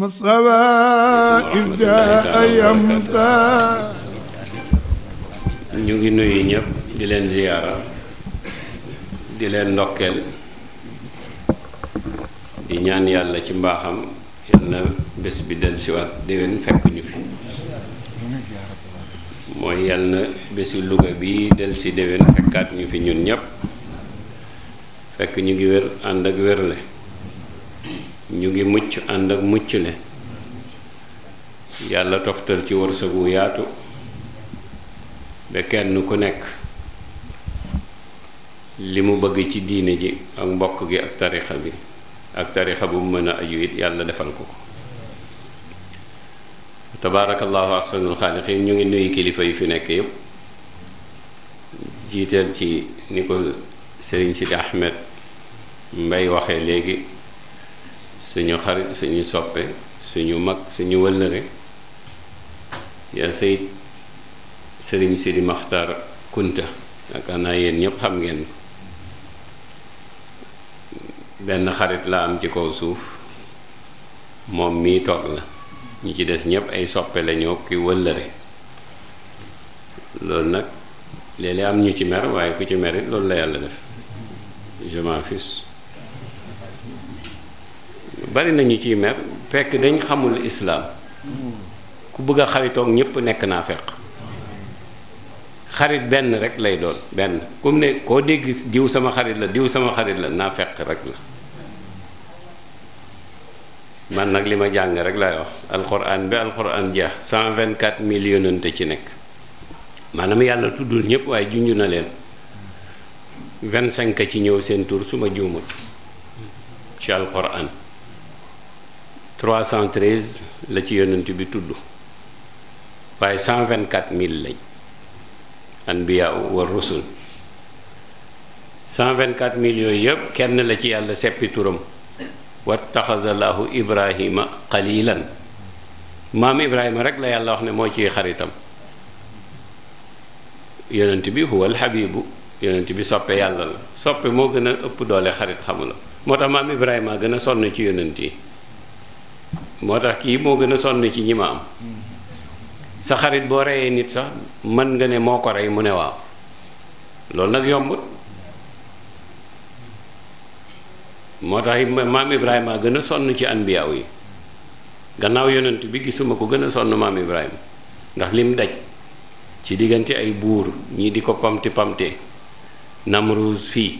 masawa ida yamta ñu ngi nuyu ñëpp di leen ziyaara di leen ndokkeel di ñaan yàlla ci mbaaxam yal na bés bi del siwaat déwén fekk ñu fi mooy yal bési Louga bi del si déwén fekkaat ñu fi ñun ñëpp fekk ñu ngi wér ànd ak wérle ñu ngi mucc ànd ak mucc le yàlla toftal ci wërsëg wu yaatu ba kenn ku nekk li mu bëgg ci diine ji ak mbokk gi ak tarixa bi ak tarixa bu mu mën a yàlla defal ko ko tabaarakallaahu ahsanul xaaliqiin ñu ngi nuyu kilifa yu fi nekk yëpp jiiteel ci ni ko sëriñ Sidi Ahmed Mbay waxee léegi suñu xarit suñu soppe suñu mag suñu wëllëre yaa sayid sëriñ Sidi Maxtar Kunta yaakaar naa yéen ñépp xam ngeen ko benn xarit la am ci kaw suuf moom mii toog la ñi ci des ñépp ay soppe lañoo ki wëllëre loolu nag léeg-léeg am ñu ci mer waaye ku ci merit loolu la yàlla def bari nañu ci mer fekk dañ xamul islaam ku bëgg a xaritoog ñépp nekk naa feq xarit benn rek lay doon benn comme ne koo dégg diw sama xarit la diw sama xarit la naa feq rek la man nag li ma jàng rek lay wax alxuraan bi alxuraan jeex 124 millions yonente ci nekk maanaam yàlla tuddul ñëpp waaye junj na leen 25 ci ñëw seen tur su ma juumut ci alxuraan 313 la ci yonent bi tudd waaye 124000 lañ cent wa rusul 124000 yooyu yëpp kenn la ci yàlla seppi turam wattaxazallahu ibrahima xalilan maam ibrahima rek la yàlla wax ne moo ci xaritam yonent bi huwal xabibu yonent bi soppe yàlla la soppe moo gën a ëpp doole xarit xamula moo tax maam ibrahima gën a sonn ci yonent yi moo tax kii moo gën a sonn ci ñi ma am sa xarit boo reyee nit sax mën nga ne moo ko rey mu ne waaw loolu nag yombut moo tax maam Ibrahima gën a sonn ci anbiyaaw yi gannaaw yonent bi gisuma ko gën a sonn maam Ibrahima ndax lim daj ci diggante ay buur ñii di ko pamti pamte Namruus fii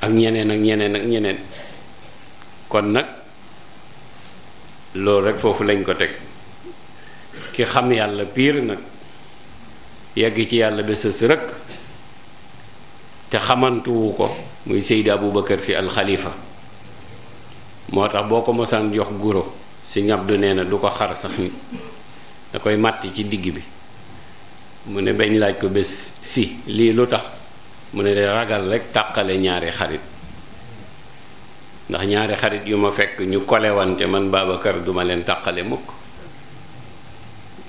ak ñeneen ak ñeneen ak ñeneen kon nag loolu rek foofu lañ ko teg ki xam yàlla piir nag yegg ci yàlla ba sës te xamantuwu ko muy Seydi Aboubacar si alxalifa moo tax boo ko mosaan jox guro si ñab du nee na du ko xar sax ni da koy màtt ci digg bi mu ne bañ laaj ko bés si lii lu tax mu ne de ragal rekk tàqale ñaari xarit ndax ñaari xarit yu ma fekk ñu kolewante man Babacar duma leen tàqale mukk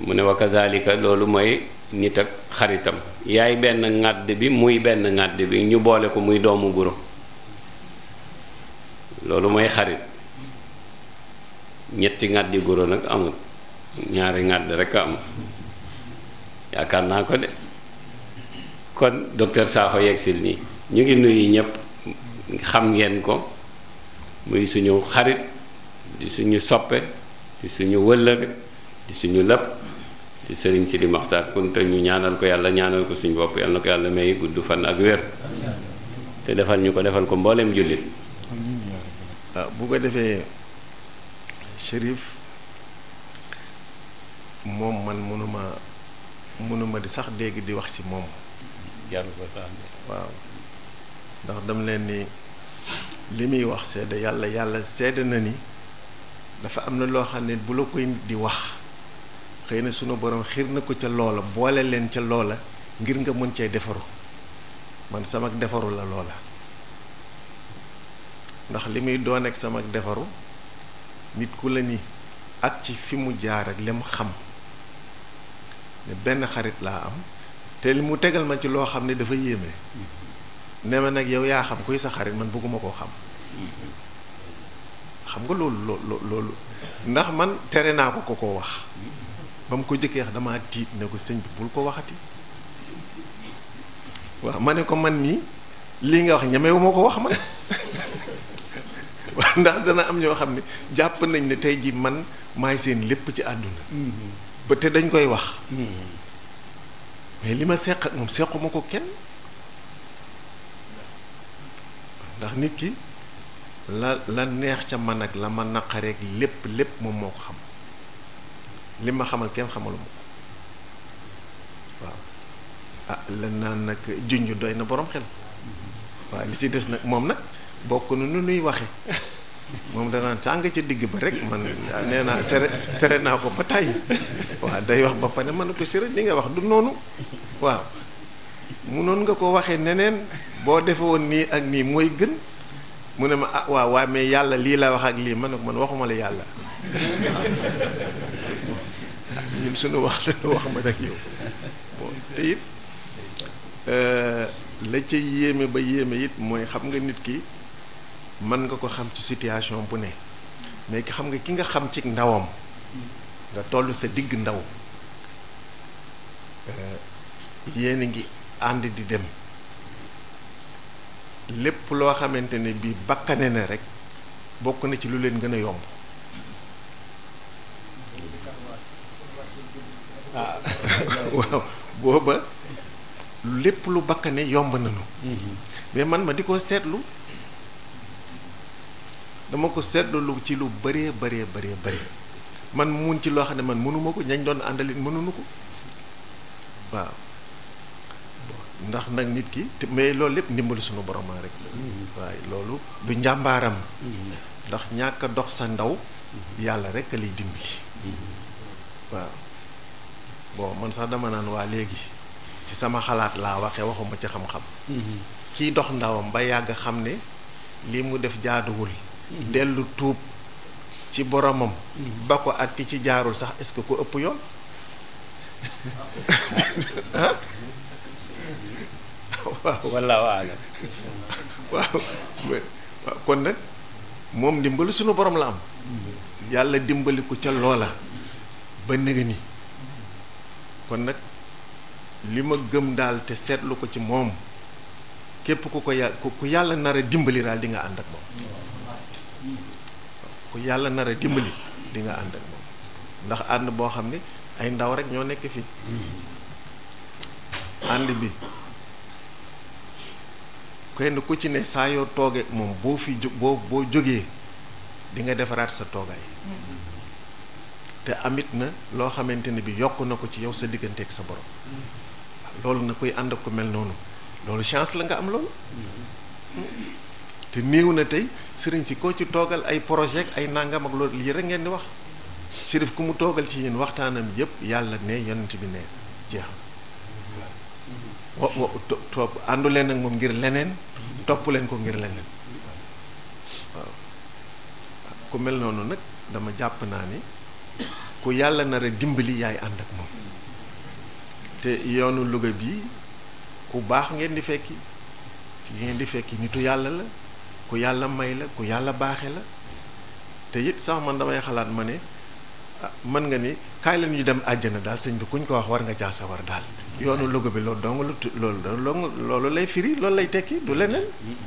mu ne wa kadhalika loolu mooy nit ak xaritam yaay benn ŋàdd bi muy benn ŋàdd bi ñu boole ko muy doomu guro loolu mooy xarit ñetti ngàddi guro nag amul ñaari ngàdd rek am yaakaar naa ko de kon docteur Sakho yegsil nii ñu ngi nuyu ñëpp xam ngeen ko muy suñu xarit di suñu soppe di suñu wëllëre di suñu lépp di sëriñ Sidi Maxtaar Kunta ñu ñaanal ko yàlla ñaanal ko suñu bopp yàlla na ko yàlla may gudd fan ak wér te defal ñu ko defal ko mbooleem jullit ah, bu ko defee Chérif moom man mënuma mënuma di sax dégg di wax ci moom waaw ndax dam leen ni li muy wax sedd yàlla yàlla sedd na ni dafa am na loo xam ne bu la koy nit di wax xëy na sunu borom xiir na ko ca loola boole leen ca loola ngir nga mën cee defaru man sama defaru la loola ndax li muy doon ak sama defaru nit ku la ni ak ci fi mu jaar ak li xam ne benn xarit laa am te li mu tegal ma ci loo xam ne dafa yéeme. ne ma nag yow yaa xam kuy sa xarit man bëgguma koo xam xam nga loolu loo loolu ndax man tere naa ko ko koo wax ba mu ko jëkkee wax damaa tiit ne ko sëñ bi bul ko waxati waaw ma ne ko man mii lii nga wax ñemewu ko wax man ndax dana am ñoo xam ne jàpp nañ ne tey ji man maay seen lépp ci àdduna mm-hmm. ba te dañ koy wax mm-hmm. mais li ma seq moom sequma ko kenn ndax nit ki la la neex ca man ak la ma naqareeg lépp lépp moom moo ko xam li ma xamal kenn xamaluma ko waaw ah lan naan nag junj doy na borom xel waaw li ci des nag moom nag bokk na nu nuy waxe moom danaan sàng ca digg ba rek man nee naa tere tere naa ko ba tàyyi waaw day wax ba pare mën na ko si rek li ngay wax du noonu waaw munoon nga ko waxee neneen boo defe woon nii ak nii mooy gën mu ne ma ah waaw waaw mais yàlla lii la wax ak lii man man waxuma la yàlla ñun suñu wax lañu wax ma ak yow bon te it euh, la ca yéeme ba yéeme it mooy xam nga nit ki mën nga ko xam ci situation bu ne mais xam nga ki nga xam ci ndawam nga toll sa digg ndaw euh, yéen a ngi ànd di dem lépp loo xamante ne bii bakkane na rek bokk na ci lu leen gën a yomb. Ah. waaw booba lépp lu bakkane yomb nañu. Mhm. mais man ma di ko seetlu dama ko seetlu lu ci lu bëree bëree bëree bëri man mun ci loo xam ne man mënuma ko ñañ doon àndalit mënuñu ko waaw. ndax nag nit ki te mais loolu lépp ndimbalu suñu boromaa rek mm-hmm. waaye loolu du njàmbaaram mm-hmm. ndax ñàkk dox sa ndaw mm-hmm. yàlla rek lay dimbali waaw bon man sax dama naan waa léegi ci sama xalaat laa waxe waxuma ci xam-xam kiy dox ndawam ba yàgg xam ne lii mu def jaaduwul dellu tuub ci boromam ba ak ki ci jaarul sax est-ce ko ëpp yoon waaw wallaahu aalam kon nag moom ndimbalu suñu borom la am yàlla dimbali ko ca loola ba nëga ni kon nag li ma gëm daal te seetlu ko ci moom képp ku ko yàlla ku yàlla nar a di nga ànd ku yàlla nar dimbali di nga ànd ak moom ndax ànd boo xam ne ay ndaw rek ñoo nekk fii mm-hmm. ànd bi kenn ko ci ne saa yoo toogee moom boo fi boo boo jógee di nga defaraat sa toogaay te amit na loo xamante ne bi yokk na ko ci yow sa diggante ak sa borom loolu na koy ànd ak mel noonu loolu chance la nga am loolu te néew na tey sëriñ si ko ci toogal ay projet ay nangam ak loolu lii ngeen di wax Chérif ku mu toogal ci yéen waxtaanam yépp yàlla ne yonent bi ne jeex wa wa topp àndu leen ak moom ngir leneen topp leen ko ngir leneen ku mel noonu nag dama jàpp naa ni ku yàlla nar dimbali yaay ànd ak moom te yoonu Louga bii ku baax ngeen di fekki ngeen di fekki nitu yàlla la ku yàlla may la ku yàlla baaxe la te it sax man damay xalaat ma ne ah, mën nga ni kaay la ñuy dem àjjana daal sëñ bi kuñ ko wax war nga jaa sawar daal yoonu Louga bi loolu lu loolu loolu lay firi loolu lay tekki du leneen.